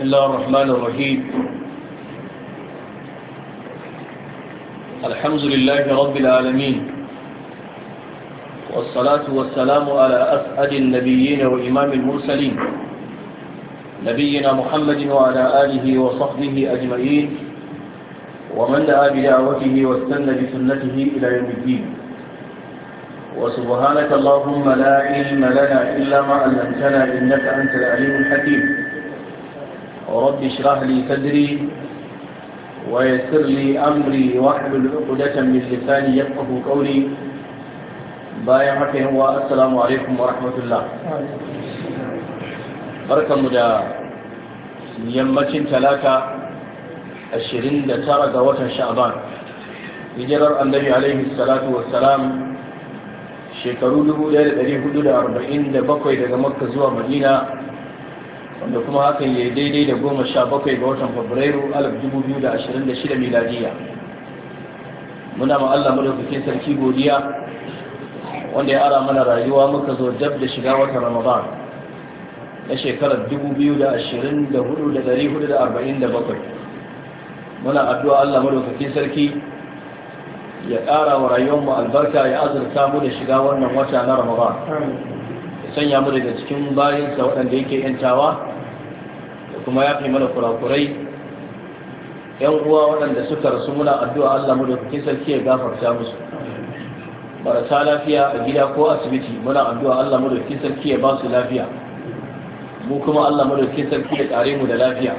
بسم الله الرحمن الرحيم الحمد لله رب العالمين والصلاة والسلام على أسعد النبيين وإمام المرسلين نبينا محمد وعلى آله وصحبه أجمعين ومن دعا بدعوته واستنى بسنته إلى يوم الدين وسبحانك اللهم لا علم لنا إلا ما علمتنا إنك أنت العليم الحكيم رب اشرح لي صدري ويسر لي أمري واحلل عقدة من لساني يفقه قولي bayan haka yin wa assalamu alaikum wa rahmatullah barkanmu da yammacin talata 29 ga watan sha'ban hijirar annabi alaihi salatu wassalam shekaru 1447 daga makka zuwa madina wanda kuma hakan ya daidai da goma sha bakwai ga watan fabrairu alif dubu biyu da ashirin da shida miladiya muna ma Allah madaukakin sarki godiya wanda ya ara mana rayuwa muka zo dab da shiga watan ramadan na shekarar dubu biyu da ashirin da hudu da dari hudu da arba'in da bakwai muna addu'a Allah madaukakin sarki ya ƙara wa rayuwarmu albarka ya azurta mu da shiga wannan wata na ramadan sanya mu daga cikin bayansa waɗanda yake yantawa kuma ya fi mana kurakurai yan uwa waɗanda suka rasu muna addu'a Allah mu da kuke sarki ya gafarta musu marasa lafiya a gida ko asibiti muna addu'a Allah mu da kuke sarki ya ba su lafiya mu kuma Allah mu da kuke sarki ya tsare mu da lafiya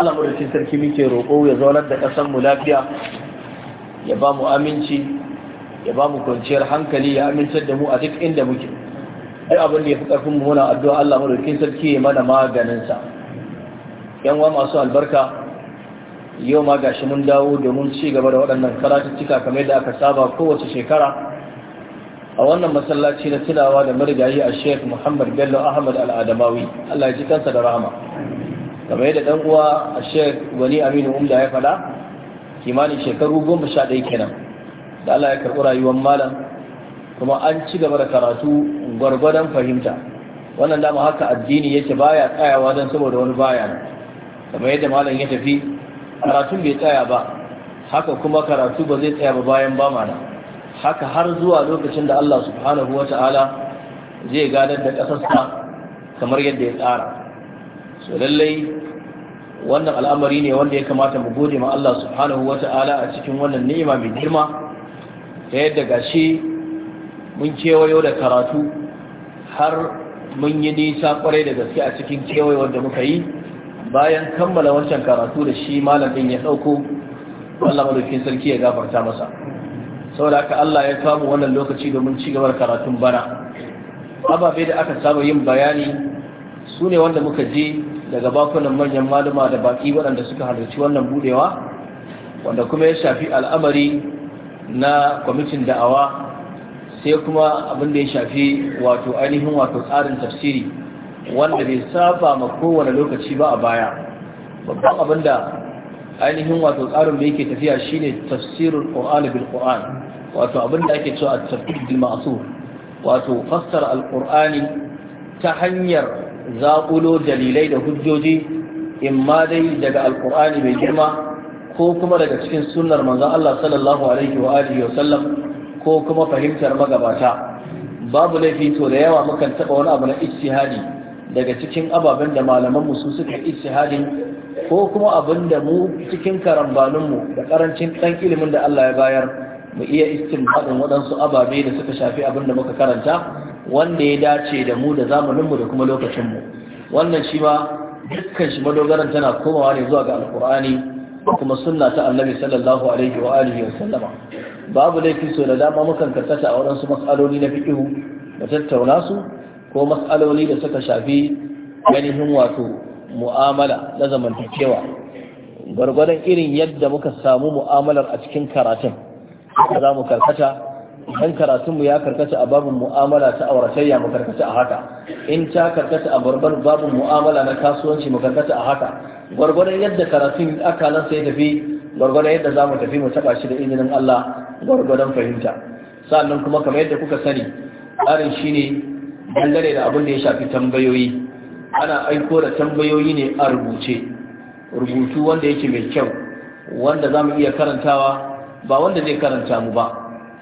Allah mu da kuke sarki muke roƙo ya zaunar da ƙasar mu lafiya ya ba mu aminci ya ba mu kwanciyar hankali ya amincar da mu a duk inda muke duk abin da ya fi ƙarfin mu muna addu'a Allah mu da kuke sarki ya mana maganin sa yan wa masu albarka yau ma gashi mun dawo domin ci gaba da waɗannan karatuttuka kamar da aka saba kowace shekara a wannan masallaci na tunawa da marigayi a sheikh muhammad bello ahmad al'adamawi allah ya ji kansa da rahama kamar yadda ɗan uwa a sheikh wani aminu umda ya faɗa kimanin shekaru goma sha ɗaya kenan da allah ya karɓi rayuwar malam kuma an ci gaba da karatu gwargwadon fahimta wannan dama haka addini yake baya tsayawa don saboda wani baya kamar yadda malam ya tafi karatun bai tsaya ba haka kuma karatu ba zai tsaya ba bayan ba mana haka har zuwa lokacin da Allah subhanahu wata'ala zai gadar da ƙasarsa kamar yadda ya tsara so lallai wannan al'amari ne wanda ya kamata mu gode ma Allah subhanahu ta'ala a cikin wannan ni'ima mai girma ta yadda gashi mun kewayo da karatu har mun yi nisa kwarai da gaske a cikin kewayo da muka yi bayan kammala wancan karatu da shi malam malamin ya dauko Allah madaukin sarki ya gafarta masa saboda haka Allah ya kamu wannan lokaci domin ci da karatun bana ababe da aka saba yin bayani su ne wanda muka je daga bakunan manyan malama da baki waɗanda suka halarci wannan budewa wanda kuma ya shafi al'amari na kwamitin da'awa sai kuma abin da ya shafi wato ainihin wato tsarin tafsiri wanda bai saba ma kowane lokaci ba a baya babban abin da ainihin wato tsarin da yake tafiya shine tafsirul qur'an bil qur'an wato abin da ake cewa tafsir bil ma'sur wato fassar Alƙur'ani ta hanyar zaƙulo dalilai da hujjoji imma dai daga Alƙur'ani mai girma ko kuma daga cikin sunnar manzon Allah sallallahu alaihi wa alihi wa sallam ko kuma fahimtar magabata babu laifi to da yawa mukan taba wani abu na ijtihadi daga cikin ababen da malamanmu su suka ishihadin ko kuma abin da mu cikin karambaninmu da karancin ɗan ilimin da Allah ya bayar mu iya haɗin waɗansu ababe da suka shafi abin da muka karanta wanda ya dace da mu da zamaninmu da kuma lokacinmu wannan shi ma dukkan shi madogaran tana komawa ne zuwa ga alkur'ani kuma sunna ta annabi sallallahu alaihi wa alihi wa sallama babu laifin so da dama mukan karkata a waɗansu matsaloli na fiƙihu da tattauna su ko matsaloli da suka shafi ganihin wato mu'amala na zamantakewa gwargwadon irin yadda muka samu mu'amalar a cikin karatun za mu karkata idan karatunmu ya karkata a babin mu'amala ta auratayya mu karkata a haka in ta karkata a gwargwar babin mu'amala na kasuwanci mu karkata a haka gwargwadon yadda karatun akalan sai tafi gwargwadon yadda za mu tafi mu taba shi da izinin Allah gwargwadon fahimta sannan kuma kamar yadda kuka sani tsarin ne. dangane da abin da ya shafi tambayoyi ana aiko da tambayoyi ne a rubuce rubutu wanda yake mai kyau wanda za mu iya karantawa ba wanda zai karanta mu ba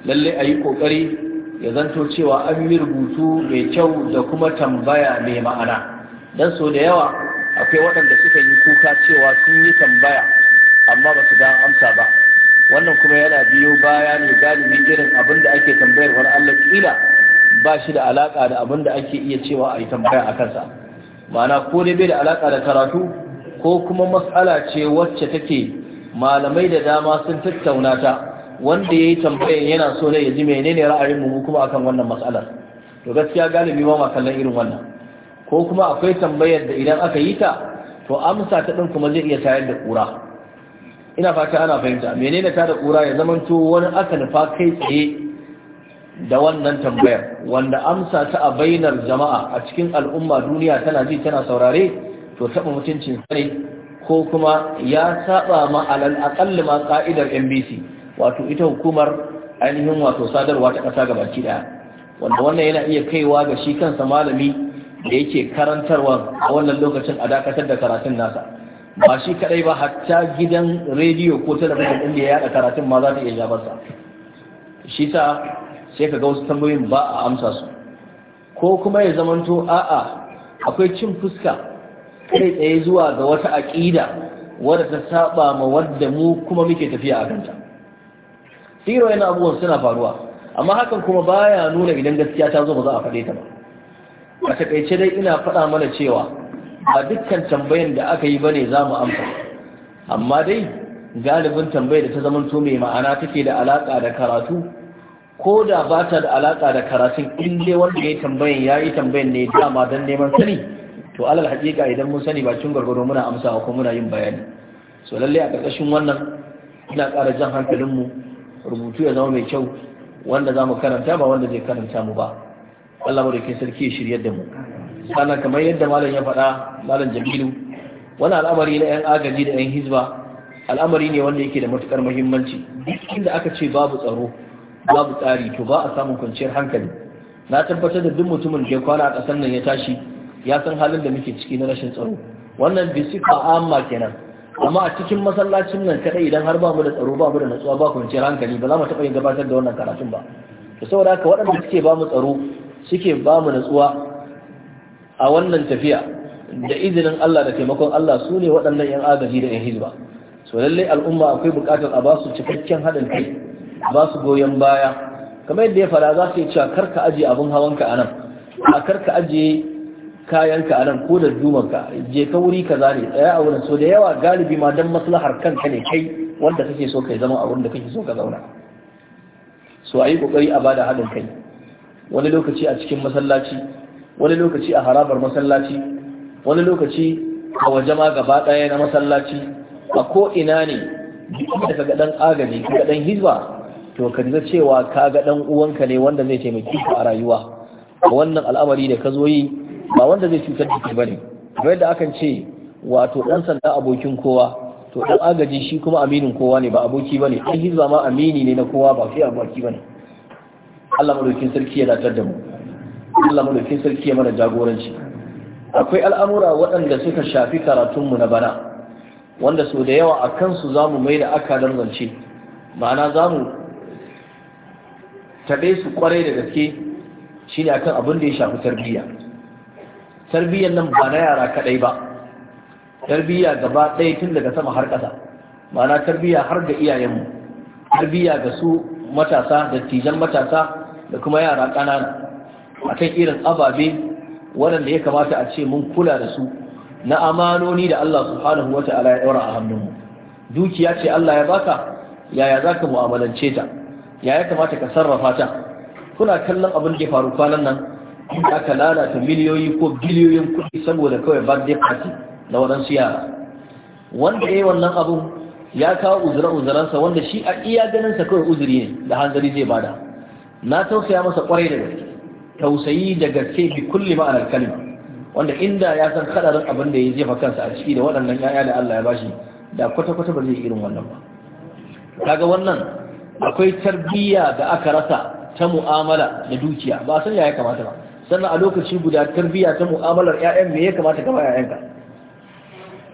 lalle a yi ƙoƙari ya zanto cewa an yi rubutu mai kyau da kuma tambaya mai ma'ana don so da yawa akwai waɗanda suka yi kuka cewa sun yi tambaya amma ba su dan amsa ba wannan kuma yana biyo baya ne galibi irin abin da ake tambayar wani allah kila ba shi da alaƙa da abin da ake iya cewa a yi tambaya a kansa ma'ana ko dai bai da alaƙa da karatu ko kuma matsala ce wacce take malamai da dama sun tattauna ta wanda ya yi tambayan yana so ne ya ji menene ra'ayin mu kuma akan wannan matsalar to gaskiya galibi ba ma kallon irin wannan ko kuma akwai tambayar da idan aka yi ta to amsa ta din kuma zai iya tayar da kura ina fata ana fahimta menene ta da kura ya zamanto wani aka nufa kai tsaye da wannan tambayar wanda amsa ta a bainar jama'a a cikin al'umma duniya tana ji tana saurare to taɓa mutuncin sani ko kuma ya saba ma alal aqall ma ka'idar NBC wato ita hukumar ainihin wato sadarwa ta ƙasa baki daya wanda wannan yana iya kaiwa ga shi kansa malami da yake karantarwa a wannan lokacin a dakatar da karatun nasa ba shi kadai ba hatta gidan rediyo ko talabijin inda ya yada karatun ma za ta iya jabarsa shi sa sai ka ga wasu tambayoyin ba a amsa su ko kuma ya zamanto a'a akwai cin fuska kai tsaye zuwa ga wata aƙida wadda ta saba ma wadda mu kuma muke tafiya a kanta tsiro yana abubuwan suna faruwa amma hakan kuma baya nuna idan gaskiya ta zo ba za a faɗe ta ba a takaice dai ina faɗa mana cewa a dukkan tambayan da aka yi bane za mu amsa amma dai galibin tambayar da ta zamanto mai ma'ana take da alaƙa da karatu ko da ba ta da alaƙa da karatun in dai wanda ya tambayin ya yi tambayin ne dama don neman sani to alal haƙiƙa idan mun sani bakin gwargwaro muna amsawa ko muna yin bayani so lalle a ƙarƙashin wannan ina ƙara jan hankalinmu rubutu ya zama mai kyau wanda za mu karanta ba wanda zai karanta mu ba Allah da ke sarki ya shirya da mu sannan kamar yadda malam ya faɗa malam jamilu wani al'amari na 'yan agaji da 'yan hizba al'amari ne wanda yake da matuƙar muhimmanci duk inda aka ce babu tsaro babu tsari to ba a samun kwanciyar hankali na tabbatar da duk mutumin da ya kwana a ƙasar nan ya tashi ya san halin da muke ciki na rashin tsaro wannan ka amma kenan amma a cikin masallacin nan kadai idan har ba mu da tsaro ba mu da natsuwa ba kwanciyar hankali ba za mu taɓa yin gabatar da wannan karatun ba to saboda haka waɗanda suke ba mu tsaro suke ba mu natsuwa a wannan tafiya da izinin Allah da taimakon Allah su ne waɗannan 'yan agaji da 'yan hizba so lallai al'umma akwai buƙatar a ba su cikakken haɗin kai ba su goyon baya kamar yadda ya fara za su yi cewa karka aji abin hawanka a nan a karka aje kayanka a nan ko da dumanka je ka wuri ka zane tsaya a wurin so da yawa galibi ma don maslahar kanka ne kai wanda kake so kai zama a wurin da kake so ka zauna so ayi yi kokari a bada haɗin kai wani lokaci a cikin masallaci wani lokaci a harabar masallaci wani lokaci a waje ma gaba ɗaya na masallaci a ko ina ne duk da kaga dan agaji kaga dan hizba to ka ji cewa ka ga dan uwanka ne wanda zai taimaki ka a rayuwa wannan al'amari da ka zo yi ba wanda zai cutar da kai bane kamar da akan ce wato dan sanda abokin kowa to dan agaji shi kuma aminin kowa ne ba aboki bane dan hizba ma amini ne na kowa ba sai aboki bane Allah madaukin sarki ya datar da mu Allah madaukin sarki ya mana jagoranci akwai al'amura waɗanda suka shafi karatunmu na bana wanda sau da yawa a kansu za mu mai da aka zance ma'ana za mu taɓe su kwarai da gaske shi ne akan abin da ya shafi tarbiyya tarbiyyar nan ba na yara kaɗai ba tarbiyya gaba ɗaya tun daga sama har ƙasa ma'ana tarbiyya har ga iyayenmu tarbiyya ga su matasa da tijan matasa da kuma yara ƙanana kan irin ababe waɗanda ya kamata a ce mun kula da su na amanoni da Allah subhanahu wa ta'ala ya ɗaura a hannunmu dukiya ce Allah ya baka yaya za ka mu'amalance ta ya ya kamata ka sarrafa ta kuna kallon abin da ya faru kwanan nan aka lalata miliyoyi ko biliyoyin kuɗi saboda kawai birthday party na waɗansu yara wanda ya yi wannan abun ya kawo uzura-uzuransa wanda shi a iya ganin sa kawai uzuri ne da hanzari zai bada na tausaya masa kwarai da gaske tausayi da gaske bi kulli ma'anar kalma wanda inda ya san kadarin abin da ya jefa kansa a ciki da waɗannan 'ya'ya da Allah ya bashi da kwata-kwata ba zai irin wannan ba kaga wannan akwai tarbiyya da aka rasa ta mu'amala da dukiya ba san ya kamata ba sannan a lokaci guda tarbiyya ta mu'amalar ƴaƴan me ya kamata ka ba ƴaƴanka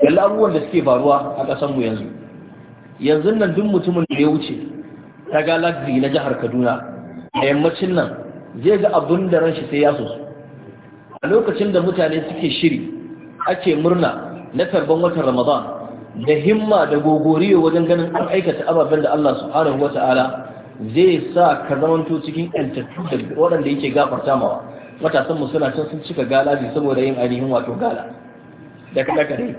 yalla abubuwan da suke faruwa a ƙasar mu yanzu yanzu nan duk mutumin da ya wuce ta ga galaxy na jihar Kaduna a yammacin nan zai ga abun da ran shi sai ya so a lokacin da mutane suke shiri ake murna na karban watan Ramadan da himma da gogoriyo wajen ganin an aikata ababen da Allah subhanahu wata'ala zai sa ka zamanto cikin yantattu da waɗanda yake gafarta mawa matasan mu suna can sun cika gala ne saboda yin ainihin wato gala da kada kaɗai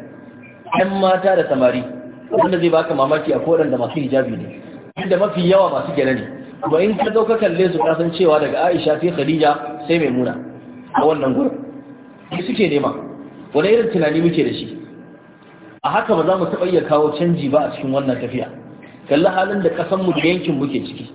ɗan mata da samari wanda zai baka mamaki a ko da masu hijabi ne inda mafi yawa masu gyana ne ba in ka zo ka kalle su san cewa daga Aisha sai Khadija sai Maimuna a wannan gurin su suke nema wani irin tunani muke da shi a haka ba za mu taɓa iya kawo canji ba a cikin wannan tafiya kalli halin da ƙasanmu da yankin muke ciki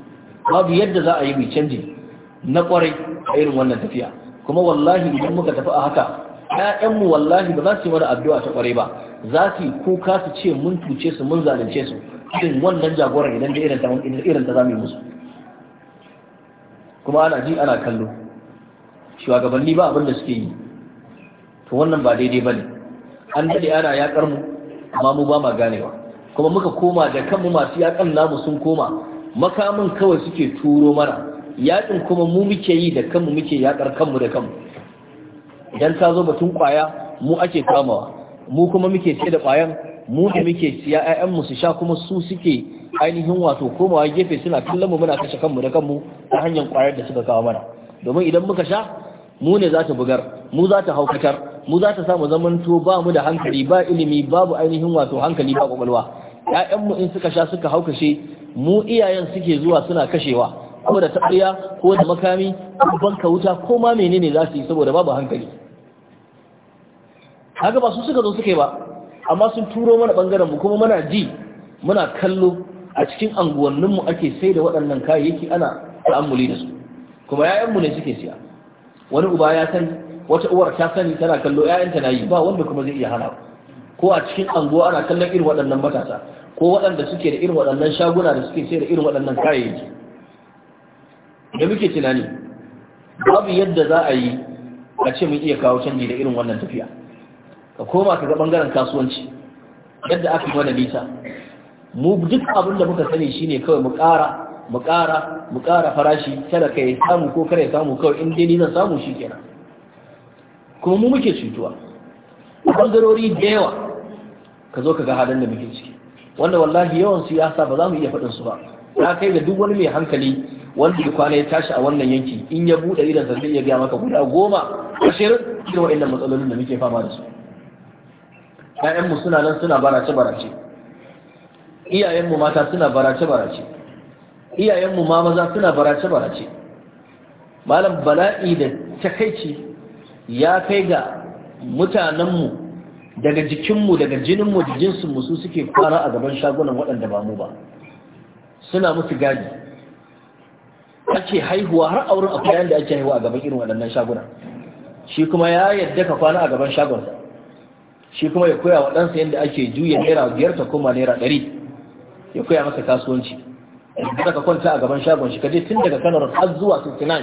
babu yadda za a yi mai canji na ƙwarai a irin wannan tafiya kuma wallahi idan muka tafi a haka ‘ya'yanmu wallahi ba za su yi mana addu'a ta ƙwarai ba za su yi kuka su ce mun tuce su mun zalunce su irin wannan jagoran idan da irin ta za mu yi musu kuma ana ji ana kallo shugabanni ba abin da suke yi to wannan ba daidai ba ne an daɗe ana yaƙar mu amma mu ba ma ganewa kuma muka koma da kanmu masu yakan namu sun koma makamin kawai suke turo mana yakin kuma mu muke yi da kanmu muke yakar kanmu da kanmu idan ta zo batun kwaya mu ake kamawa mu kuma muke ce da kwayan mu da muke siya ƴaƴan mu su sha kuma su suke ainihin wato komawa gefe suna kallon mu muna kashe kanmu da kanmu ta hanyar kwayar da suka kawo mana domin idan muka sha mu ne za ta bugar mu za ta haukatar mu za ta samu zamanto ba mu da hankali ba ilimi babu ainihin wato hankali ba kwakwalwa ƴaƴanmu in suka sha suka haukashe mu iyayen suke zuwa suna kashewa ko da taɓarya ko da makami ko banka wuta ko ma menene za su yi saboda babu hankali haka ba su suka zo suka ba amma sun turo mana bangaren mu kuma muna ji muna kallo a cikin mu ake sai da waɗannan kayayyaki ana ta'ammuli da su kuma 'ya'yanmu ne suke siya wani uba ya san wata uwar ta sani tana kallo ƴaƴanta na yi ba wanda kuma zai iya hana ko a cikin anguwa ana kallon irin waɗannan matasa ko waɗanda suke da irin waɗannan shaguna da suke sai da irin waɗannan kayayyaki da muke tunani babu yadda za a yi a ce mun iya kawo canji da irin wannan tafiya ka koma ka ga bangaren kasuwanci yadda aka gwada nisa mu duk abin da muka sani shine kawai mu ƙara mu ƙara mu ƙara farashi kada ka samu ko kare samu kawai in dai ni zan samu shi kenan. kuma mu muke cutuwa bangarori da yawa ka zo ka ga halin da muke ciki wanda wallahi yawan su ya ba za mu iya faɗin su ba na kai da duk wani mai hankali wanda ya kwana ya tashi a wannan yanki in ya buɗe idan zai iya gaya maka guda goma ashirin irin waɗannan matsalolin da muke fama da su ƴaƴanmu suna nan suna barace barace iyayenmu mata suna barace barace iyayenmu ma maza suna barace barace malam bala'i da takaici ya kai ga mutanenmu daga jikinmu daga jininmu da jinsinmu su suke fara a gaban shagunan waɗanda ba mu ba suna musu gadi ake haihuwa har auren akwai yadda da ake haihuwa a gaban irin waɗannan shaguna shi kuma ya yadda ka kwana a gaban shagonsa shi kuma ya koya wa ɗansa yadda ake juya naira biyar ta koma naira ɗari ya koya masa kasuwanci da ka kwanta a gaban shagon shi ka je tun daga kanar har zuwa 69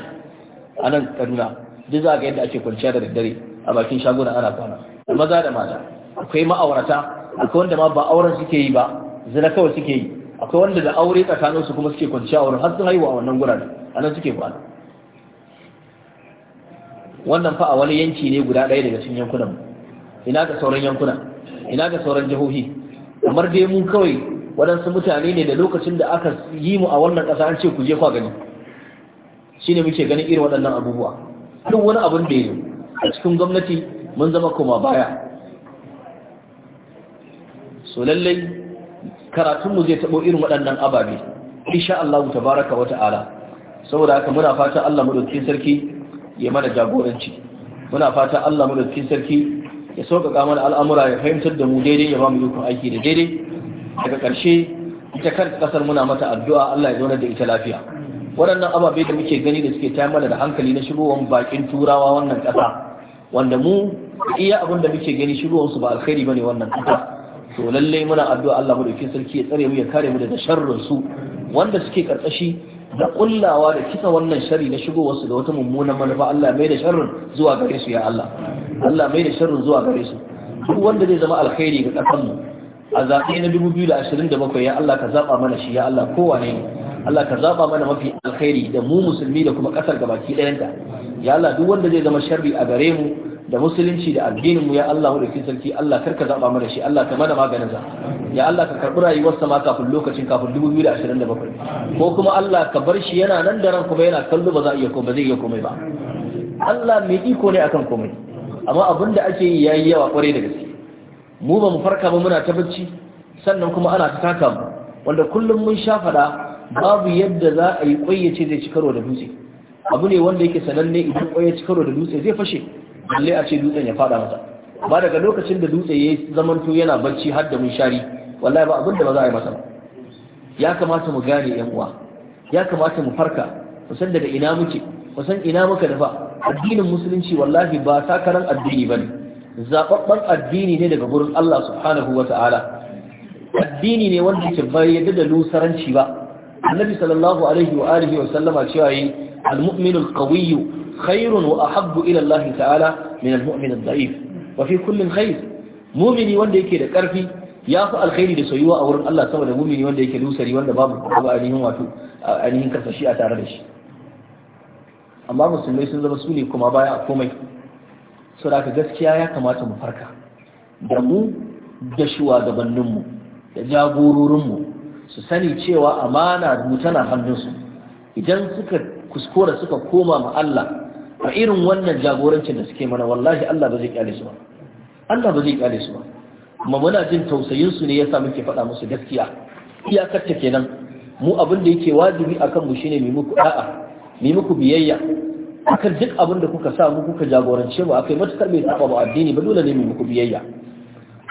a nan kaduna duk za ga yadda ake kwanciya da daddare a bakin shaguna ana kwana maza da mata akwai ma'aurata akwai wanda ma ba auren suke yi ba zina kawai suke yi akwai wanda da aure tsakanin su kuma suke kwanciya a wurin har sun haihuwa a wannan gurare a nan suke kwana wannan fa a wani yanki ne guda ɗaya daga cikin yankunan mu ina ga sauran yankuna ina ga sauran jihohi kamar dai mu kawai waɗansu mutane ne da lokacin da aka yi mu a wannan ƙasa an ce ku je kwa gani shine muke ganin irin waɗannan abubuwa duk wani abin da yi a cikin gwamnati mun zama koma baya so lallai karatunmu zai taɓo irin waɗannan ababe insha Allah tabaraka wa ta'ala saboda haka muna fata Allah madaukakin sarki ya mana jagoranci muna fata Allah madaukakin sarki ya sauƙaƙa mana al'amura ya fahimtar da mu daidai ya ba mu ikon aiki da daidai daga ƙarshe ita kanta ƙasar muna mata addu'a Allah ya zauna da ita lafiya waɗannan ababe da muke gani da suke tayar mana da hankali na shigowar bakin turawa wannan ƙasa wanda mu iya abin da muke gani shigowar su ba alkhairi bane wannan ƙasa to lalle muna addu'a Allah mu dauke sarki ya tsare mu ya kare mu daga sharrin su wanda suke karkashi da kullawa da kisa wannan shari na shigowar su da wata mummunan manufa Allah mai da sharrin zuwa gare su ya Allah Allah mai da sharrin zuwa gare su duk wanda zai zama alkhairi ga ƙasar mu a zaɓe na 2027 ya Allah ka zaɓa mana shi ya Allah kowane ne Allah ka zaba mana mafi alkhairi da mu musulmi da kuma kasar gabaki ɗayanta ya Allah duk wanda zai zama sharri a gare mu da musulunci da addinin mu ya Allah da sarki Allah kar ka zaba mana shi Allah ka mana maganin sa ya Allah ka karbi rayuwar sa ma kafin lokacin kafin 2027 ko kuma Allah ka bar shi yana nan da ran kuma yana kallo ba za iya ko ba zai iya komai ba Allah mai iko ne akan komai amma abin da ake yi yayi yawa kwarai da gaske mu ba mu farka ba muna ta bacci sannan kuma ana ta taka mu wanda kullum mun sha fada babu yadda za a yi kwai zai ci karo da dutse abu ne wanda yake sananne idan kwai karo da dutse zai fashe balle a ce dutsen ya fada masa ba daga lokacin da dutse ya zamanto yana barci har da munshari wallahi ba abin ba za a yi masa ba ya kamata mu gane yan uwa ya kamata mu farka mu san daga ina muke mu san ina muka dafa addinin musulunci wallahi ba sakaran addini bane zababban addini ne daga gurin Allah subhanahu wa wata'ala addini ne wanda ke bayyana da lusaranci ba annabi sallallahu alaihi wa alihi wa sallama cewa yi al-mu'min al-qawi khairun wa ahabbu ila Allah ta'ala min al-mu'min al-da'if wa fi kullin khair mu'mini wanda yake da karfi ya fi alkhairi da soyuwa a wurin Allah saboda mu'mini wanda yake lusari wanda babu babu ainihin wato ainihin karsashi a tare da shi amma musulmai sun zama su ne kuma baya a komai saboda gaskiya ya kamata mu farka da mu da shugabanninmu da jagororinmu su sani cewa amana rubuta na hannunsu idan suka kuskura suka koma ma Allah a irin wannan jagorancin da suke mana wallahi Allah ba zai kyale su ba Allah ba zai kyale su ba kuma muna jin tausayin su ne yasa muke faɗa musu gaskiya iyakar ta kenan mu abin da yake wajibi akan mu shine mu muku da'a mu muku biyayya akan duk abin da kuka sa mu kuka jagorance mu akai matukar bai saba ba addini ba dole ne mu muku biyayya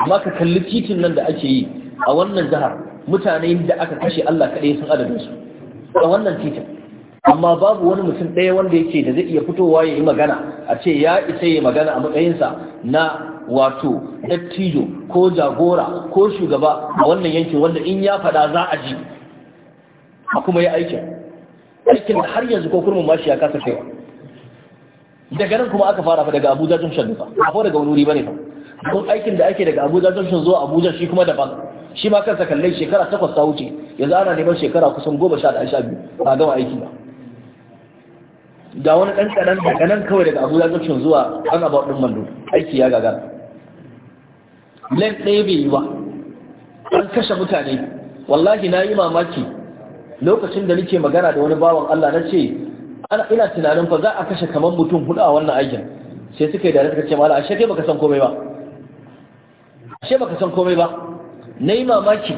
amma ka kalli titin nan da ake yi a wannan jihar mutane da aka kashe Allah kaɗai sun adadin su a wannan titin amma babu wani mutum ɗaya wanda yake da zai iya fitowa ya yi magana a ce ya isa ya magana a matsayinsa na wato dattijo ko jagora ko shugaba a wannan yankin wanda in ya faɗa za a ji a kuma ya aikin aikin da har yanzu ko kurmin mashi ya kasa kaiwa daga nan kuma aka fara daga abuja junction nufa a fara daga wani wuri ne fa don aikin da ake daga abuja junction zuwa abuja shi kuma daban shi ma kansa kalle shekara takwas ta wuce yanzu ana neman shekara kusan goma sha da sha biyu ba gama aiki ba ga wani ɗan kaɗan daga nan kawai daga abuja junction zuwa an about ɗin mando aiki ya gagara len ɗaya bai yi ba an kashe mutane wallahi na yi mamaki lokacin da nake magana da wani bawan Allah na ce ina tunanin fa za a kashe kamar mutum hudu a wannan aikin sai suka yi da suka ce mala ashe kai baka san komai ba ashe baka san komai ba na yi mamaki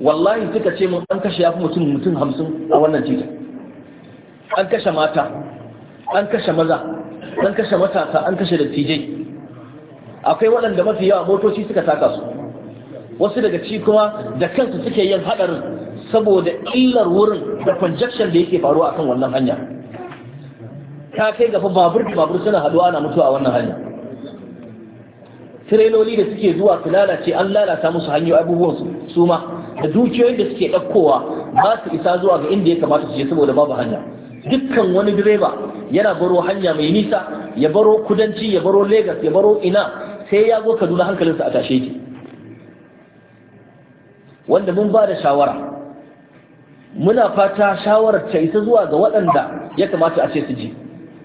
wallahi suka ce mun an kashe ya fi mutum mutum hamsin a wannan titin an kashe mata an kashe maza an kashe matasa an kashe dattijai akwai waɗanda mafi yawa motoci suka taka su wasu daga ci kuma da kansu suke yin haɗarin saboda illar wurin da conjection da yake faruwa akan wannan hanya ta kai gafa babur babur suna haɗuwa ana mutuwa a wannan hanya tireloli da suke zuwa su lalace an lalata musu hanyoyi abubuwan su ma da dukiyoyin da suke ɗaukowa ba su isa zuwa ga inda ya kamata su je saboda babu hanya dukkan wani direba yana baro hanya mai nisa ya baro kudanci ya baro Legas, ya baro ina sai ya zo kaduna hankalinsa a tashe shi wanda mun ba da shawara muna fata shawarar ta isa zuwa ga waɗanda ya kamata a ce su ji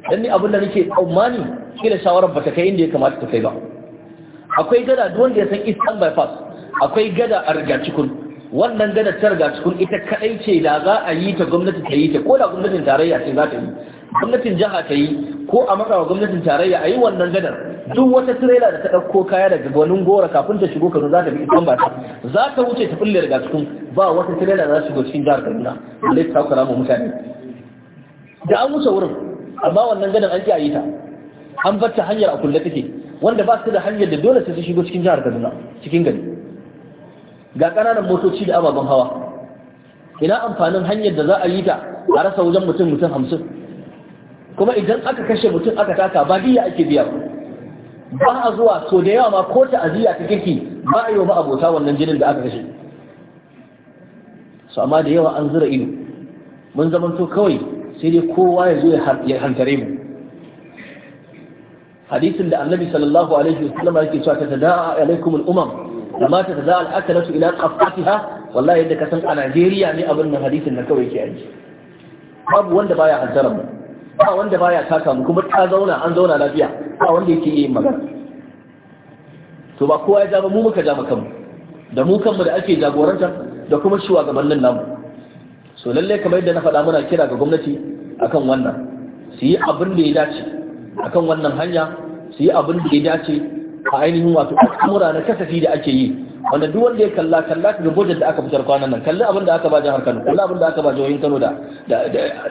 dan ni abin da nake tsammani kila shawarar ba ta kai inda ya kamata ta kai ba akwai gada duk wanda ya san eastern bypass akwai gada a rigacikun wannan gada ta rigacikun ita kadai ce da za a yi ta gwamnati ta yi ta ko da gwamnatin tarayya ce za ta yi gwamnatin jiha ta yi ko a matsawa gwamnatin tarayya a yi wannan gadar duk wata tirela da ta ɗauko kaya daga gwanin gora kafin ta shigo kano za ta bi isan ba za ta wuce ta fulle riga cikin ba wata tirela za ta shigo cikin jihar kaduna da ta kura mu mutane da an wuce wurin amma wannan gadar an ki a yi ta an bar ta hanyar a kulle take wanda ba su da hanyar da dole sai su shigo cikin jihar kaduna cikin gari ga ƙananan motoci da ababen hawa ina amfanin hanyar da za a yi ta a rasa wajen mutum mutum hamsin kuma idan aka kashe mutum aka taka ba biya ake biya ba a zuwa so da yawa ma ko ta aziya ta kirki ba a yi wa abota wannan jinin da aka kashe su amma da yawa an zura ido mun zamanto kawai sai dai kowa ya zo ya hantare mu hadisin da annabi sallallahu alaihi wasallam yake cewa ta tada'a alaikum al-umam amma ta tada'a al-akalatu ila qafatiha wallahi yadda ka san a Najeriya ne abin nan hadisin nan kawai ke aiki babu wanda baya hantara mu ba wanda baya taka mu kuma ta zauna an zauna lafiya ba wanda yake yin magana to ba kowa ya ja ba mu muka ja kanmu da mu kanmu da ake jagoranta da kuma shugabannin namu so lalle kamar yadda na faɗa muna kira ga gwamnati akan wannan su yi abin da ya dace akan wannan hanya su yi abin da ya dace a ainihin wato al'amura na kasafi da ake yi wanda duk wanda ya kalla kalla ga budget da aka fitar kwanan nan kalli abin da aka ba jihar Kano kalli abin da aka ba jihohin Kano da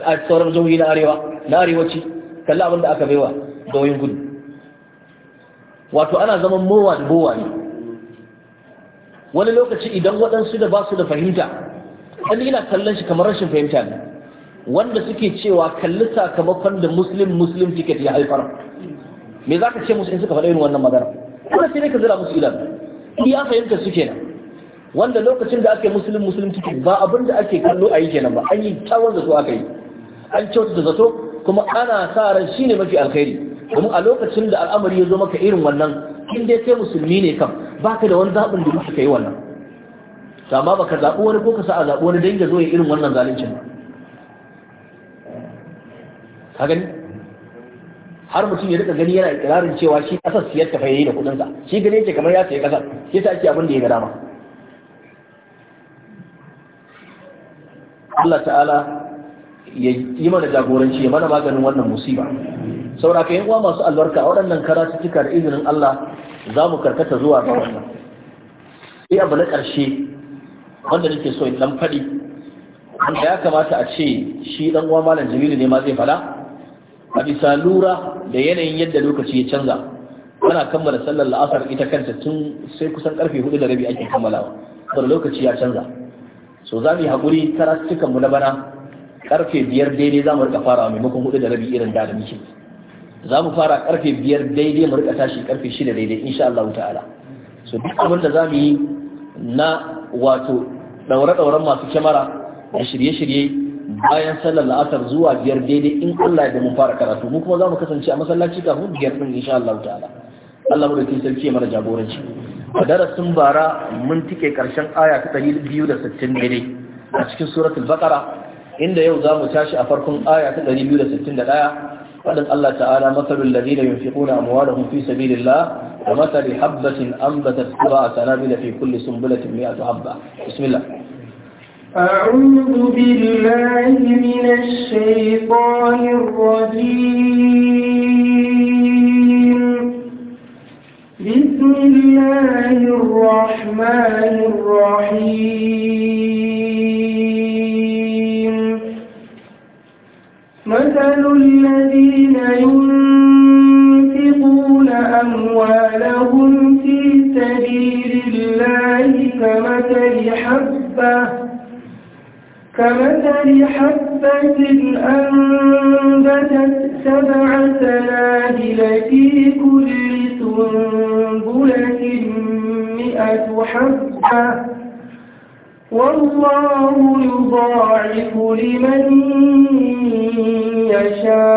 a sauran jihohi na arewa na arewaci kalli abin da aka baiwa jihohin gudu wato ana zaman mowa da bowa ne wani lokaci idan waɗansu da ba su da fahimta dan ina kallon shi kamar rashin fahimta ne wanda suke cewa kalli sakamakon da muslim muslim ticket ya haifar me za ka ce musu in suka faɗa irin wannan magana kuma sai ka zira musu idan Ya fahimtar su kenan wanda lokacin da ake musulun musulun ciki ba abin da ake kallo a yi kenan ba an yi tawar da su aka yi an kyautata zato kuma ana sa ran shine mafi alkhairi domin a lokacin da al'amari ya zo maka irin wannan in dai kai musulmi ne kam baka da wani zaɓin da muka yi wannan to amma baka zaɓi wani ko ka sa a zaɓi wani dan ya zo ya irin wannan zaluncin ba ka gani har mutum ya rika gani yana ikirarin cewa shi kasar siyar ta fayayi da kudin sa shi gani yake kamar ya sayi kasar shi ta ake abin da ya ga dama Allah ta'ala ya yi mana jagoranci ya mana maganin wannan musiba saura ka yan uwa masu albarka a waɗannan karatuttuka da izinin Allah za mu karkata zuwa ga wannan sai abu na ƙarshe wanda nake so in dan faɗi wanda ya kamata a ce shi dan uwa malam Jamilu ne ma zai faɗa a bisa lura da yanayin yadda lokaci ya canza ana kammala sallar la'asar ita kanta tun sai kusan karfe hudu da rabi ake kammalawa saboda lokaci ya canza so za mu yi haƙuri karatukan mu na bana karfe biyar daidai za mu rika fara maimakon hudu da rabi irin da da za mu fara karfe biyar daidai mu rika tashi karfe shida daidai insha Allah ta'ala so duk abin da za mu yi na wato ɗaure dauren masu kyamara da shirye-shirye bayan sallar la'asar zuwa biyar daidai in Allah ya da mun fara karatu mu kuma za mu kasance a masallaci kafin biyar din insha Allah ta'ala Allah mu da kin sarki mana jagoranci a darasin bara mun tike karshen aya ta 260 daidai a cikin suratul baqara inda yau za mu tashi a farkon aya ta 261 فقد allah ta'ala مثل الذين ينفقون أموالهم في سبيل الله ومثل حبة أنبتت سبع سنابل في كل سنبلة مئة حبة بسم أعوذ بالله من الشيطان الرجيم بسم الله الرحمن الرحيم مثل الذين ينفقون أموالهم في سبيل الله كمثل حبه كمثل حبة أنبتت سبع سنابل في كل سنبلة مئة حبة والله يضاعف لمن يشاء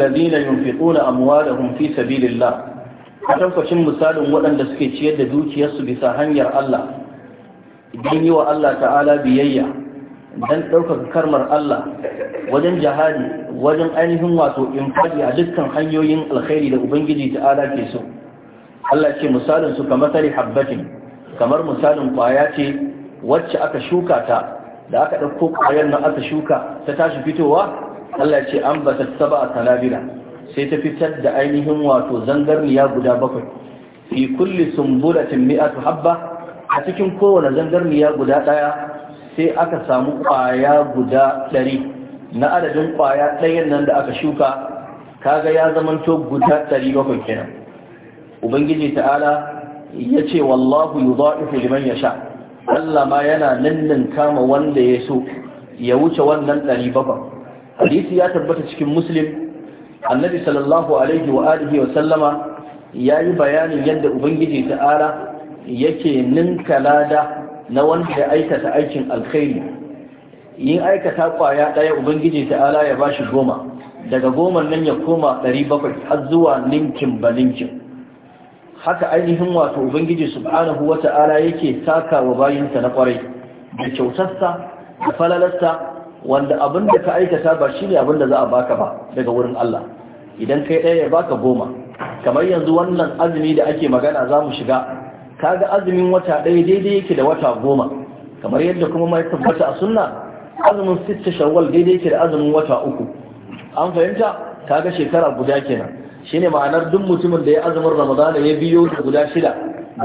الذين ينفقون أموالهم في سبيل الله أتنفشن مثال وأن دسكي تشيد دوك يسو بسهن ير الله ديني الله تعالى بيي دن دوك كرمر الله وجن جهادي وجن أنهم واتو إنفاجي أدكا حيوين الخير لأبنجي تعالى كيسو Allah ce misalin su kamar tare habbatin kamar misalin kwaya ce wacce aka shuka ta da aka ɗauko kwayar nan aka shuka ta tashi fitowa Allah ce an ba saba a sanabila sai ta fitar da ainihin wato zangarniya guda bakwai fi kulli sumbulatin mi'atu habba a cikin kowane zangarniya guda daya sai aka samu kwaya guda ɗari na adadin kwaya ɗayan nan da aka shuka kaga ya zamanto guda ɗari bakwai kenan ubangiji ta'ala ya ce wallahu yudha'ifu liman yasha Allah ma yana nannin kama wanda ya so ya wuce wannan ɗari bakwai hadisi ya tabbata cikin muslim annabi sallallahu alaihi wa alihi wa sallama yayi bayanin yadda ubangiji ta'ala yake ninka lada na wanda ya aikata aikin alkhairi yin aikata kwaya daya ubangiji ta'ala ya bashi goma daga goma nan ya koma 700 har zuwa ninkin ba ninkin haka ainihin wato ubangiji subhanahu wata'ala yake taka wa bayinsa na kwarai da kyautarsa da falalarsa wanda abin da ka aikata ba shine abin da za a baka ba daga wurin Allah idan kai ɗaya ya baka goma kamar yanzu wannan azumi da ake magana za mu shiga kaga azumin wata ɗaya daidai yake da wata goma kamar yadda kuma mai tabbata a sunna azumin sitta shawwal daidai yake da azumin wata uku an fahimta kaga shekara guda kenan shine ma'anar duk mutumin da ya azumin ramadana ya biyo da guda shida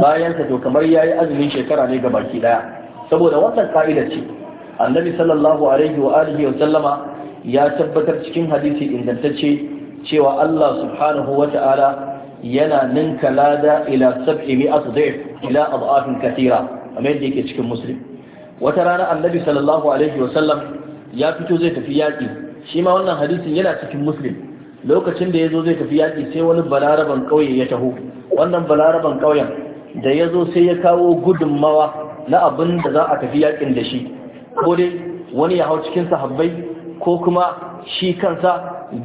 bayan ka to kamar yayi azumin shekara ne ga baki daya saboda wannan ka'ida ce annabi sallallahu alaihi wa alihi wa sallama ya tabbatar cikin hadisi ingantacce cewa Allah subhanahu wa ta'ala yana ninka lada ila sab'i mi'at dhif ila adafin kathira kamar yadda yake cikin muslim wata rana annabi sallallahu alaihi wa sallam ya fito zai tafi yaki shi ma wannan hadisin yana cikin muslim lokacin da yazo zai tafi yaki sai wani balaraban kauye ya taho wannan balaraban kauyen da yazo sai ya kawo gudunmawa na abin da za a tafi yakin da shi ko dai wani ya hau cikin sahabbai ko kuma shi kansa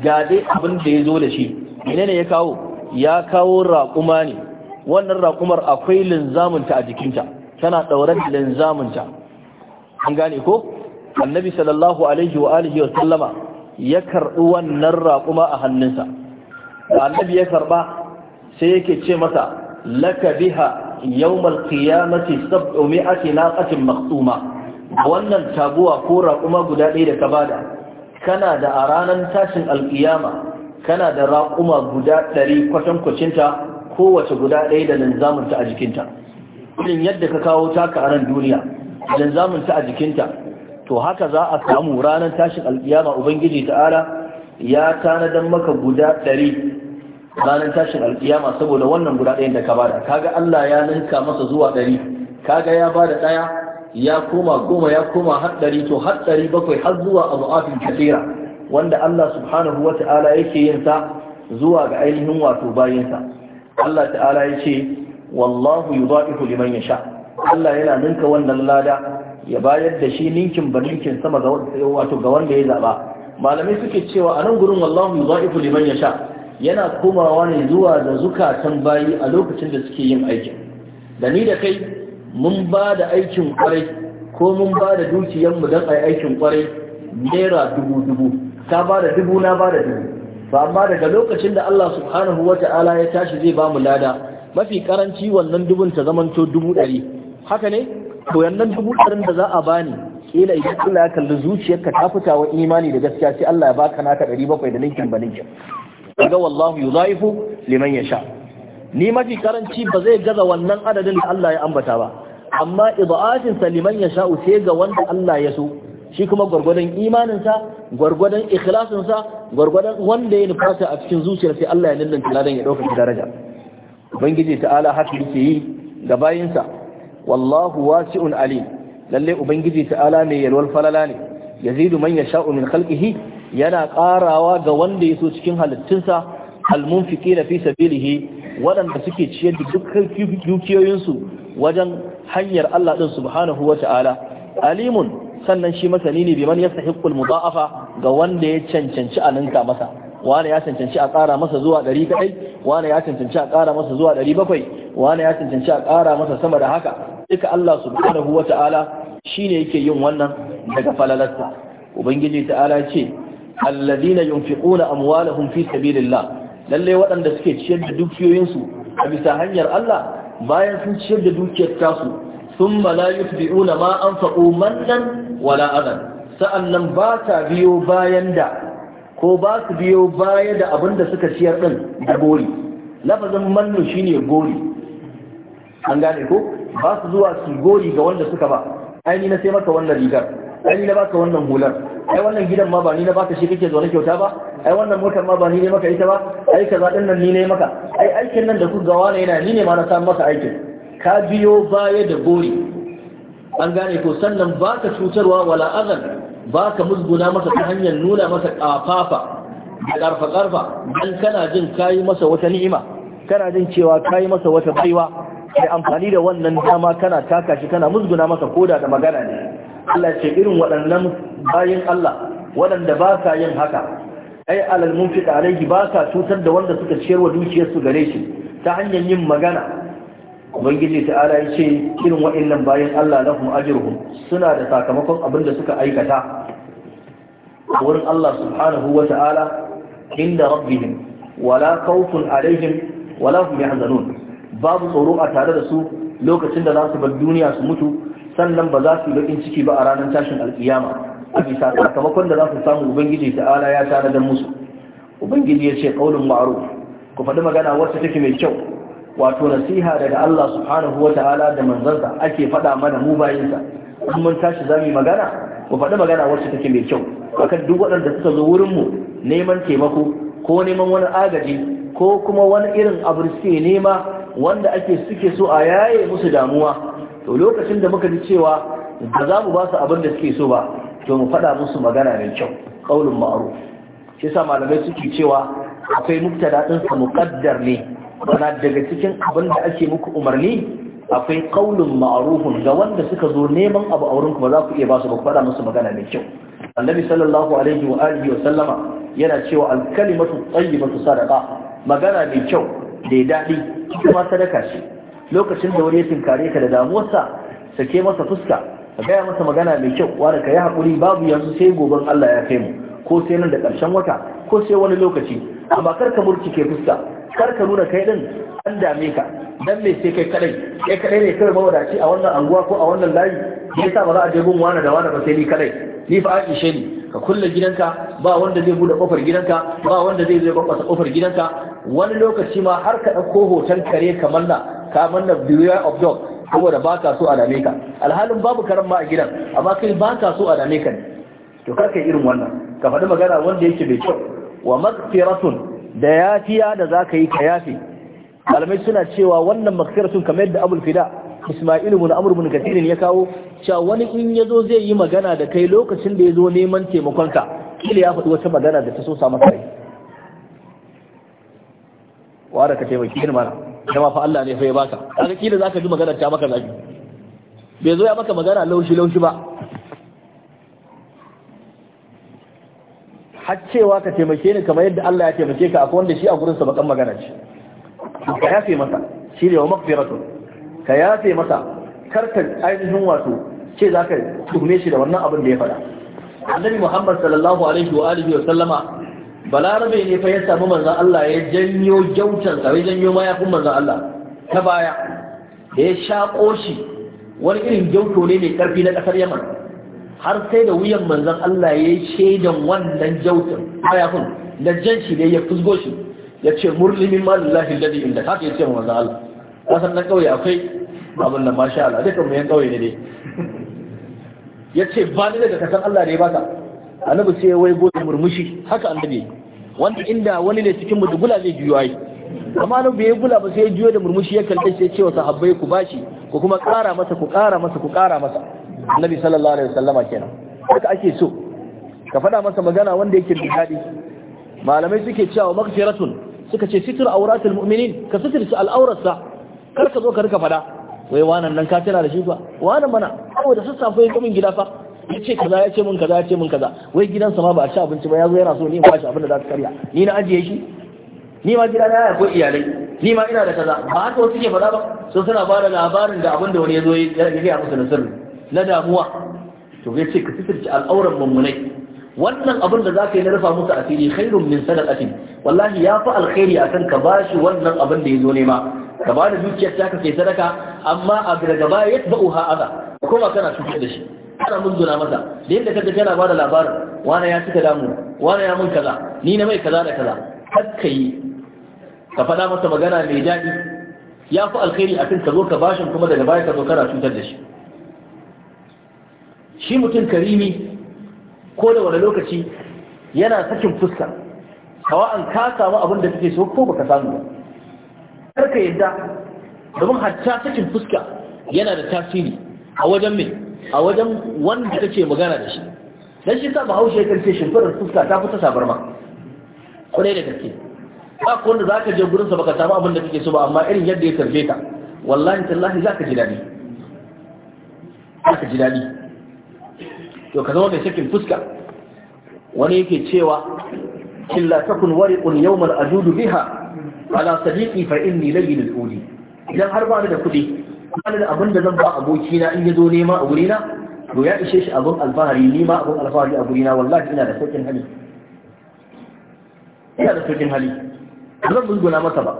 ga dai abin da ya zo da shi menene ya kawo ya kawo raƙuma ne wannan raƙumar akwai linzaminta a jikinta tana ɗaure da linzaminta an gane ko annabi sallallahu alaihi wa alihi wa sallama ya karɓi wannan raƙuma a hannunsa annabi ya karɓa sai yake ce masa laka biha yawmal qiyamati sab'u mi'ati naqatin maqtuma wannan taguwa ko raƙuma guda ɗaya da ka bada kana da a ranar tashin alƙiyama kana da raƙuma guda ɗari kwatankwacinta kowace guda ɗaya da linzamunta a jikinta irin yadda ka kawo taka a nan duniya linzamunta a jikinta to haka za a samu ranar tashin alƙiyama ubangiji ta'ala ya tanadar maka guda ɗari ranar tashin alƙiyama saboda wannan guda ɗayan da ka bada kaga Allah ya ninka masa zuwa ɗari kaga ya bada ɗaya ya koma goma ya koma haɗari to haɗari bakwai har zuwa a mu'afin kasira wanda Allah subhanahu wa ta'ala yake yin sa zuwa ga ainihin wato sa. Allah ta'ala ya ce wallahu yudha'ifu liman yasha Allah yana ninka wannan lada ya bayar da shi ninkin ba ninkin sama ga wato ga wanda ya zaba malamai suke cewa a nan gurin wallahu yudha'ifu liman yasha yana komawa ne zuwa da zukatan bayi a lokacin da suke yin aikin da ni da kai mun ba da aikin kwarai ko mun ba da dukiyarmu don a aikin kwarai naira dubu-dubu ta ba da dubu na ba da dubu ba amma daga lokacin da Allah subhanahu wa ta'ala ya tashi zai ba mu lada mafi karanci wannan dubun ta zamanto dubu ɗari haka ne to nan dubu ɗarin da za a bani kila idan Allah ya kalli zuciyarka ta fita wa imani da gaskiya sai Allah ya baka naka ɗari bakwai da ninkin ba ninkin kaga wallahu yudhaifu liman yasha ni mafi karanci ba zai gaza wannan adadin da Allah ya ambata ba amma idaafin saliman ya sha'u sai ga wanda Allah ya so shi kuma gwargwadon imaninsa gwargwadon ikhlasinsa gwargwadon wanda ya nufata a cikin zuciyar sai Allah ya nillin tiladan ya dauka daraja ubangiji ta'ala haka yake yi ga bayinsa wallahu wasi'un alim lalle ubangiji ta'ala mai yalwal falala ne yazidu man yasha'u min khalqihi yana ƙarawa ga wanda ya so cikin al almunfiqina fi sabilihi waɗanda suke ciyar da dukkan dukiyoyinsu wajen hanyar Allah ɗin subhanahu wa ta'ala alimun sannan shi masani ne biman ya sahiqul mudha'afa ga wanda ya cancanci a ninka masa wani ya cancanci a ƙara masa zuwa ɗari kaɗai wani ya cancanci a ƙara masa zuwa ɗari bakwai wani ya cancanci a ƙara masa sama da haka duka Allah subhanahu wa ta'ala shine yake yin wannan daga falalarsa ubangiji ta'ala ce alladhina yunfiquna amwalahum fi sabilillah lalle waɗanda suke ciyar da dukiyoyinsu a bisa hanyar Allah bayan sun ciyar da dukiyar tasu sun malayu bi'una ma an faɓo mannan wala adan nan ba ta biyo bayan da ko ba su biyo baya da abin da suka ciyar ɗin da gori lafazin mannu ne gori an gane ko ba su zuwa su gori ga wanda suka ba aini na sai maka wannan rigar aini na ba ka wannan hular ai wannan gidan ma ba ni na baka shi kake zaune kyauta ba ai wannan motar ma ba ni ne maka ita ba ai kaza din nan ni ne maka ai aikin nan da ku gawa ne yana ni ne ma na samu maka aikin ka biyo baya da gori an gane ko sannan baka cutarwa wala azan baka musguna masa ta hanyar nuna masa kafafa da karfa karfa dan kana jin kai masa wata ni'ima kana jin cewa kayi masa wata baiwa sai amfani da wannan dama kana taka shi kana musguna masa koda da magana ne Allah ce irin waɗannan bayan Allah waɗanda ba sa yin haka ai alal munfiq alaihi ba sa cutar da wanda suka ciyar wa dukiyarsu gare shi ta hanyar yin magana ubangiji ta'ala ya ce irin waɗannan bayan Allah lahum ajruhum suna da sakamakon abin da suka aikata wurin Allah subhanahu wa ta'ala inda rabbihim wala khawfun alaihim wala hum yahzanun babu tsoro a tare da su lokacin da za su bar duniya su mutu sannan ba za su bakin ciki ba a ranar tashin alkiyama a bisa sakamakon da za su samu ubangiji ta'ala ya tare da musu ubangiji ya ce Ƙaunin ma'ruf ku faɗi magana wacce take mai kyau wato nasiha daga Allah subhanahu Ta'ala da manzansa ake faɗa mana mu bayinsa in mun tashi zamu yi magana ku faɗi magana wacce take mai kyau akan duk waɗanda suka zo wurin mu neman taimako ko neman wani agaji ko kuma wani irin abu suke nema wanda ake suke so a yaye musu damuwa to lokacin da muka ji cewa ba za mu ba su abin da suke so ba to mu faɗa musu magana mai kyau ƙaunin ma'aru shi sa malamai suke cewa akwai mukta daɗin sa muƙaddar ne bana daga cikin abin da ake muku umarni akwai qaulun ma'rufun ga wanda suka zo neman abu a wurin ba za ku iya ba su ba ku faɗa musu magana mai kyau annabi sallallahu alaihi wa alihi wa sallama yana cewa al kalimatu tayyibatu sadaqa magana mai kyau da daɗi, kuma sadaka ce lokacin da wani ya tinkare ka da damuwarsa sake masa fuska ka gaya masa magana mai kyau wanda ka yi haƙuri babu yanzu sai goben Allah ya kai mu ko sai nan da ƙarshen wata ko sai wani lokaci amma kar ka ke fuska kar ka nuna kai din an dame ka dan me sai kai kadai kai kadai ne kai mawadaci a wannan anguwa ko a wannan layi Me yasa ba za a je gun wani da wani ba sai ni kadai ni fa Aisha ni ka kulle gidanka ba wanda zai bude kofar gidanka ba wanda zai zai kwakwasa kofar gidanka wani lokaci ma har ka ɗauko hoton kare ka manna ka manna beware of dog saboda ba ka so a dame ka alhalin babu karan ma a gidan amma kai ba ka so a dame ka ne to kar irin wannan ka faɗi magana wanda yake bai kyau wa maghfiratun da yafiya da zaka yi ka yafi malamai suna cewa wannan maghfiratun kamar yadda abul fida Isma'il ibn Amr ibn Kathir ya kawo cewa wani in yazo zai yi magana da kai lokacin da yazo neman taimakon ka kila ya faɗi wata magana da ta so sa masa rai wa da ka taimaki ni mana kuma fa Allah ne fa ya baka kaga kila zaka ji magana ta maka zafi bai zo ya maka magana laushi laushi ba har cewa ka taimake ni kamar yadda Allah ya taimake ka akwai wanda shi a gurin sa bakan magana ce ka yafe masa shi ne wa maghfiratu ka yafe masa karkar ainihin wato ce za ka tuhume shi da wannan abin da ya faɗa annabi muhammad sallallahu alaihi wa alihi wa sallama balarabe ne fa ya samu manzon Allah ya janyo jautan sa ya janyo mayafin manzon Allah ta baya da ya shako shi wani irin jauto ne mai karfi na kasar Yaman har sai da wuyan manzon Allah ya yi shaidan wannan jautan mayafin da jan shi ne ya fusgo shi ya ce murlimin malillahi alladhi inda haka ya ce manzon Allah Wasan na kauye akwai abin da masha Allah duka mu yan ƙauye ne dai Ya ce, ba ni daga kasan Allah ne ka annabi sai wai gobe murmushi haka annabi wanda inda wani ne cikin mu dugula zai juyo ai amma annabi bai gula ba sai ya juyo da murmushi ya kalle shi ya ce wa sahabbai ku bashi ku kuma ƙara masa ku ƙara masa ku ƙara masa annabi sallallahu alaihi wasallama kenan haka ake so ka faɗa masa magana wanda yake da daɗi malamai suke cewa maghfiratun suka ce sitir auratul mu'minin ka sitirci al'aurarsa kar ka zo ka rika fada wai wannan nan ka tana da shi ba wannan mana saboda sassafe ya min gida fa ya ce kaza ya ce min kaza ya ce min kaza wai sa ma ba a ci abinci ba ya zo yana so ni in kwashi abin da za su karya ni na ajiye shi ni ma gida na ko iyalai ni ma ina da kaza ba haka wasu ke fada ba sun suna ba da labarin da abin da wani ya zo ya gaya musu na sirri na damuwa to yace ka tsirci al'auran mummunai wannan abin da za yi na rufa musu asiri khairun min sadaqatin wallahi ya fa alkhairi akan ka bashi wannan abin da ya zo nema ka ba da dukiyar ta kai sadaka amma a daga baya ya tabu ha aza kuma kana cutar da shi mun zuna masa da yadda kaga kana ba da labarin wani ya cika damu wani ya mun kaza ni na mai kaza da kaza har ka yi ka faɗa masa magana mai daɗi ya fi alkhairi a kan ka zo ka bashin kuma daga baya ka zo kana cutar da shi shi mutum karimi ko da wani lokaci yana sakin fuska sawa'an ka samu abin da kake so ko baka samu ba karka yadda domin hatta sakin fuska yana da tasiri a wajen mai a wajen wanda ce magana da shi don shi sa bahaushe ya karshe shimfirar fuska ta fita ma kwarai da gaske ba ko wanda ka je gurinsa ba baka samu abin da kake so ba amma irin yadda ya karfe ta. wallahi tallahi zaka ji dadi ji daɗi. to ka zama mai sakin fuska wani yake cewa illa takun wari'un yawmal ajudu biha ala sadiqi fa inni layyin al-udi idan har ba ni da kuɗi ba ni da abin da zan ba abokina in yazo nema a wurina to ya ishe shi abin alfahari ni ma abin alfahari a gurina. wallahi ina da saukin hali ina da sokin hali ba zan bulguna masa ba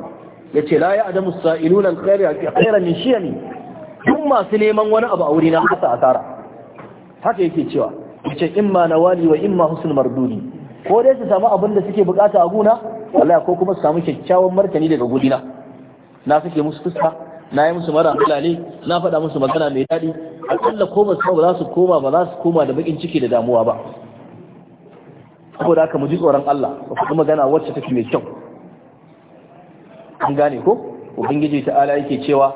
ya ce la ya adamu sa'ilun alkhairan min shiyami duk masu neman wani abu a wurina hasa asara haka yake cewa ya ce imma nawali wa imma husnul mardudi ko dai su samu abin da suke bukata a gona wallahi ko kuma su samu kyakkyawan martani daga gudina na sake musu fuska na yi musu mara halale na faɗa musu magana mai daɗi akalla ko ba ba za su koma ba za su koma da bakin ciki da damuwa ba saboda haka mu ji tsoron Allah ba faɗi magana wacce take mai kyau an gane ko ubangiji ta'ala yake cewa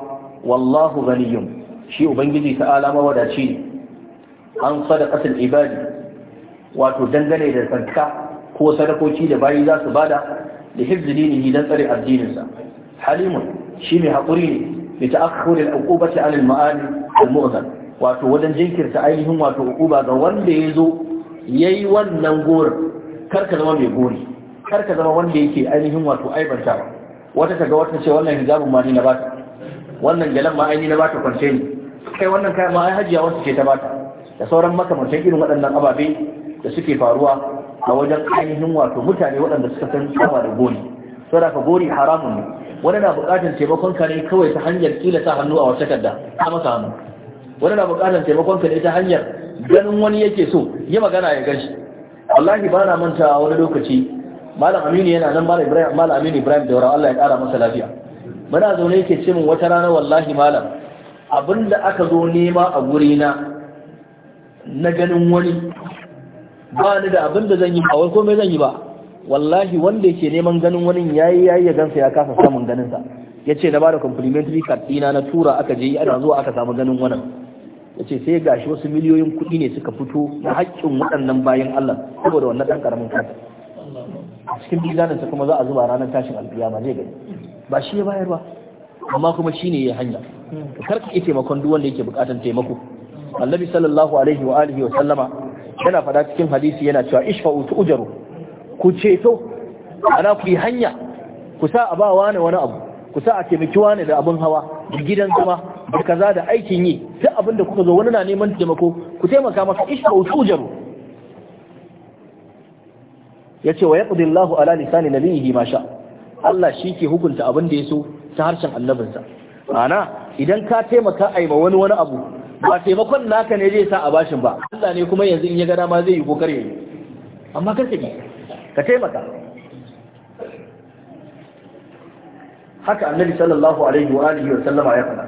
wallahu ghaniyyun shi ubangiji ta'ala mawadaci ne an sadaqatul ibadi wato dangane da sanka ko sadakoki da bayi za su bada da hifzi dinihi dan tsare addininsa halimun shi ne haƙuri ne bi ta'akhkhur al-uqubati 'ala al-ma'ani al-mu'zan wato wajen jinkirta ainihin wato uquba ga wanda ya zo ya yi wannan gor kar ka zama mai gori kar ka zama wanda yake ainihin wato aibanta. wata ta ga wata ce wannan hijabun ma ni na bata wannan galan ma aini na bata kwance ni kai wannan kayan ma ai hajiya wata ce ta bata da sauran makamantan irin waɗannan ababe da suke faruwa a wajen ainihin wato mutane waɗanda suka san kama da goni saboda ka gori haramun ne wani na buƙatar taimakon ka ne kawai ta hanyar kila sa hannu a wata kadda ta masa hannu wani na buƙatar taimakon ka ne ta hanyar ganin wani yake so yi magana ya gashi wallahi ba na manta wani lokaci malam aminu yana nan malam ibrahim malam aminu ibrahim daura Allah ya ƙara masa lafiya muna zaune yake ce min wata rana wallahi malam abinda aka zo nema a na na ganin wani ba ni da abin da zan yi ba wai komai zan yi ba wallahi wanda yake neman ganin wani yayi yayi ya gansa ya kasa samun ganin sa yace na bada complimentary card dina na tura aka je ana zuwa aka samu ganin wannan yace sai gashi wasu miliyoyin kuɗi ne suka fito na haƙƙin waɗannan bayan Allah saboda wannan dan karamin kanta cikin bizanin sa kuma za a zuba ranar tashin alƙiyama zai gani ba shi ya bayar ba amma kuma shine ya hanya karka ke taimakon duk wanda yake bukatan taimako annabi sallallahu alaihi wa alihi wa sallama yana fada cikin hadisi yana cewa ishfa'u ujaru. ku ceto ana ku yi hanya ku sa a ba wani wani abu ku sa a taimaki wani da abin hawa da gidan zama da kaza da aikin yi duk abin da kuka zo wani na neman taimako ku taimaka maka ishfa'u Ya ce wa yaqdi Allahu ala lisani nabiyhi ma sha Allah shi ke hukunta abin da ya so ta harshen annabinsa ana idan ka taimaka aiba wani wani abu ba taimakon naka ne zai sa a bashin ba Allah ne kuma yanzu in ya gada ma zai yi kokari yi. amma kar ki ka taimaka haka annabi sallallahu alaihi wa alihi wa sallama ya faɗa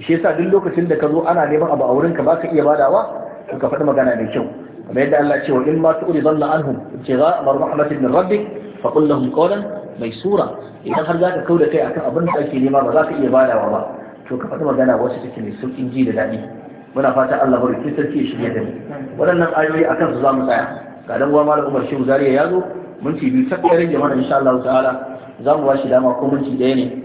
shi yasa duk lokacin da ka zo ana neman abu a wurinka ba ka iya badawa to ka faɗi magana mai kyau kamar yadda Allah ce wa in ma tu'ridanna anhum ibtigha marhamati min rabbik fa qul lahum qawlan maysura idan har zaka kauda kai akan abin da ake nema ba za ka iya badawa ba to ka faɗi magana wasu take mai sauƙin ji da daɗi muna fata Allah barki sarki ya shirya da ni. waɗannan ayoyi akan su za mu tsaya ga dan uwa malam Umar Shehu Zariya ya zo ci biyu ta kare jama'a insha Allah ta'ala za mu ba shi dama ko ci ɗaya ne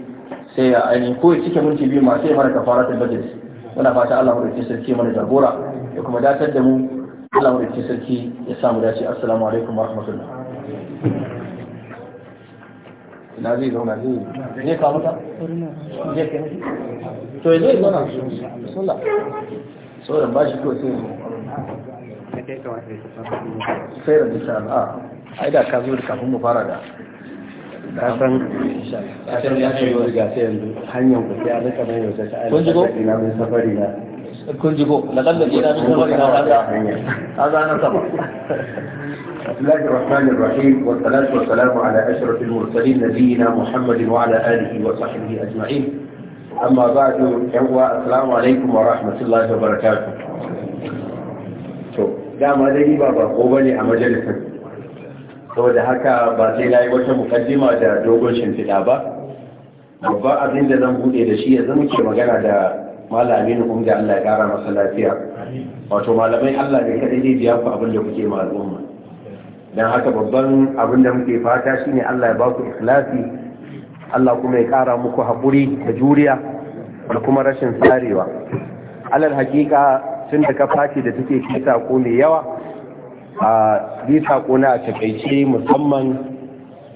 sai ya ainihin ko ya cike mun ci biyu ma sai mana kafaratul majlis muna fata Allah barki sarki mana jagora ya kuma datar da mu Allah barki sarki ya samu dace assalamu alaikum wa rahmatullah ina zai zauna zai zai kawo ta zai kai mashi to yanzu zai zauna su sallah sauran ba shi ko sai mu sai da ah, ai da ka zo da kafin mu fara da ka san kasar ya ce yau sai yanzu hanyar ku sai a rika yau ta ina mai safari na kun na kan da ke na mai safari na ta zana sama بسم الله الرحمن الرحيم والصلاة والسلام على أشرف المرسلين نبينا محمد وعلى آله وصحبه أجمعين أما بعد يوم السلام عليكم ورحمة الله وبركاته dama dai ba ne a majalisar saboda haka ba sai na yi wata mukaddima da dogon shimfiɗa ba babban abin da zan buɗe da shi yanzu muke magana da kuma da Allah ya kara masa lafiya wato malamai Allah ne kadai zai biya ku abin da kuke ma al'umma don haka babban abin da muke fata shine Allah ya ba ku ikhlasi Allah kuma ya kara muku haƙuri da juriya da kuma rashin tsarewa alal hakika tun da kafaci da take fi sako mai yawa a bi sako na a takaice musamman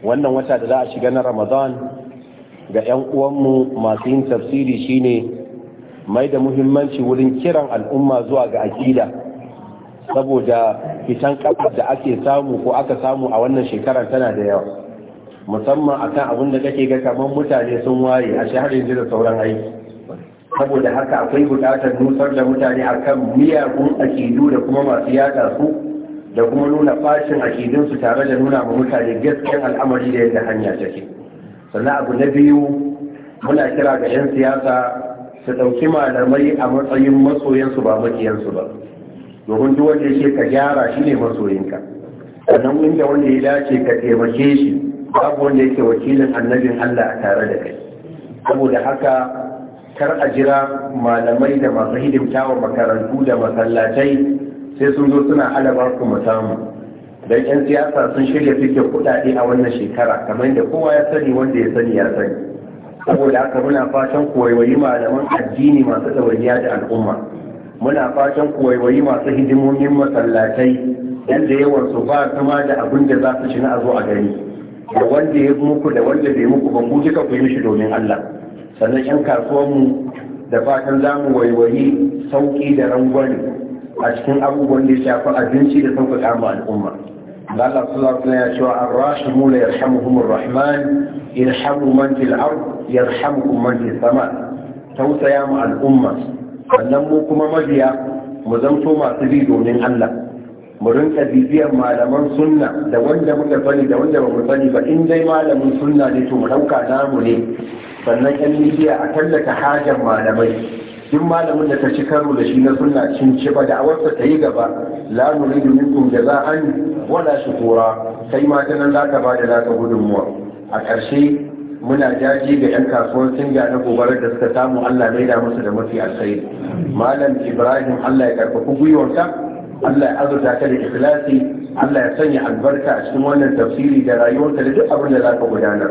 wannan wata da za a shiga na ramadan ga 'yan uwanmu masu yin tafsiri shine mai da muhimmanci wurin kiran al'umma zuwa ga akida saboda fitan kafa da ake samu ko aka samu a wannan shekarar tana da yawa musamman akan abin da kake ga kamar mutane sun waye a shahar yanzu da sauran aiki saboda haka akwai buƙatar nusar da mutane akan miyagun akidu da kuma masu yada su da kuma nuna fashin akidunsu tare da nuna ma mutane gaskiyar al'amari da yadda hanya take sannan abu na biyu muna kira ga 'yan siyasa su ɗauki malamai a matsayin masoyansu ba makiyansu ba domin duk wanda yake ka gyara shi ne masoyinka sannan inda wanda ya dace ka taimake shi babu wanda yake wakilin annabin Allah a tare da kai saboda haka kar a jira malamai da masu hidimtawa makarantu da masallatai sai sun zo suna halabar ku mu dan yan siyasa sun shirya suke kuɗaɗe a wannan shekara kamar da kowa ya sani wanda ya sani ya sani saboda haka muna fatan koyayi malaman addini masu ɗawainiya da al'umma muna fatan kuwaiwayi masu hidimomin masallatai yadda yawan su ba sama da abin da za su ci na a zo a gani da wanda ya muku da wanda bai muku ba ku duka ku yi shi domin Allah sannan yan kasuwanmu da fatan za mu waiwayi sauki da rangwani a cikin abubuwan da ya shafi abinci da sauƙaƙa ma al'umma da Allah su zafi na ya ce wa arrashimu la yarhamuhumur rahman yarhamu man fil ard yarhamukum man fis sama tausaya mu al'umma sannan mu kuma mabiya mu zanto masu bi domin Allah mu rinka bibiyar malaman sunna da wanda muka sani da wanda bamu sani ba in dai malamin sunna ne to mu dauka namu ne sannan yan bibiya a tallata hajar malamai duk malamin da ta ci karo da shi na sunna cin ci ba da awarsa ta yi gaba la nuridu minkum jaza'an wala shukura kai ma ta nan za ka ba da za ka gudunmuwa a ƙarshe muna jaji ga 'yan kasuwar singa na gobarar da suka samu allah mai da musu da mafi alkhairi malam ibrahim allah ya karfafi gwiwarka allah ya azurta ka da ikhlasi allah ya sanya albarka a cikin wannan tafsiri da rayuwarka da duk abin da za ka gudanar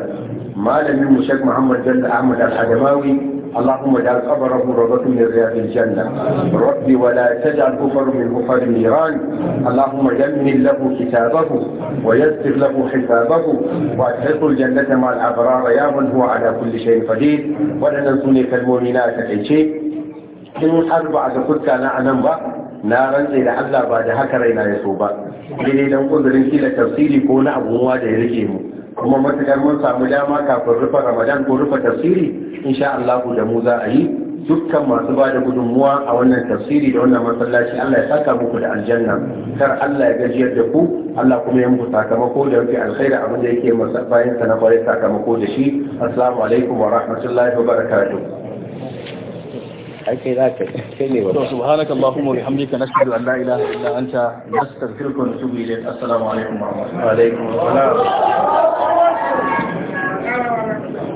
malamin mu shek muhammad jalla ahmad al-adamawi اللهم اجعل قبره روضة من رياض الجنة ربي ولا تجعل كفر من كفر النيران اللهم يمن له كتابه ويسر له حسابه وادخله الجنة مع الأبرار يا من هو على كل شيء قدير ولا ننسوني كالمؤمنات أي شيء in har ba a ga fuska na anan ba na rantse da Allah ba da haka raina ya so ba daidai dan kuzurin kila tafsiri ko na abubuwa da ya rike mu kuma matukar mun samu dama kafin rufe ramadan ko rufe tafsiri insha Allah da mu za a yi dukkan masu ba da gudunmuwa a wannan tafsiri da wannan masallaci Allah ya saka muku da aljanna kar Allah ya gajiyar da ku Allah kuma ya muku sakamako da yake alkhairi abin da yake masa bayan sa na kwarai sakamako da shi assalamu alaikum wa rahmatullahi wa barakatuh ake za ka ce ne wa subhanaka allahumma bihamdika nashhadu an la ilaha illa anta nastaghfiruka da natubu ilayk assalamu alaikum wa rahmatullahi wa alaikum assalam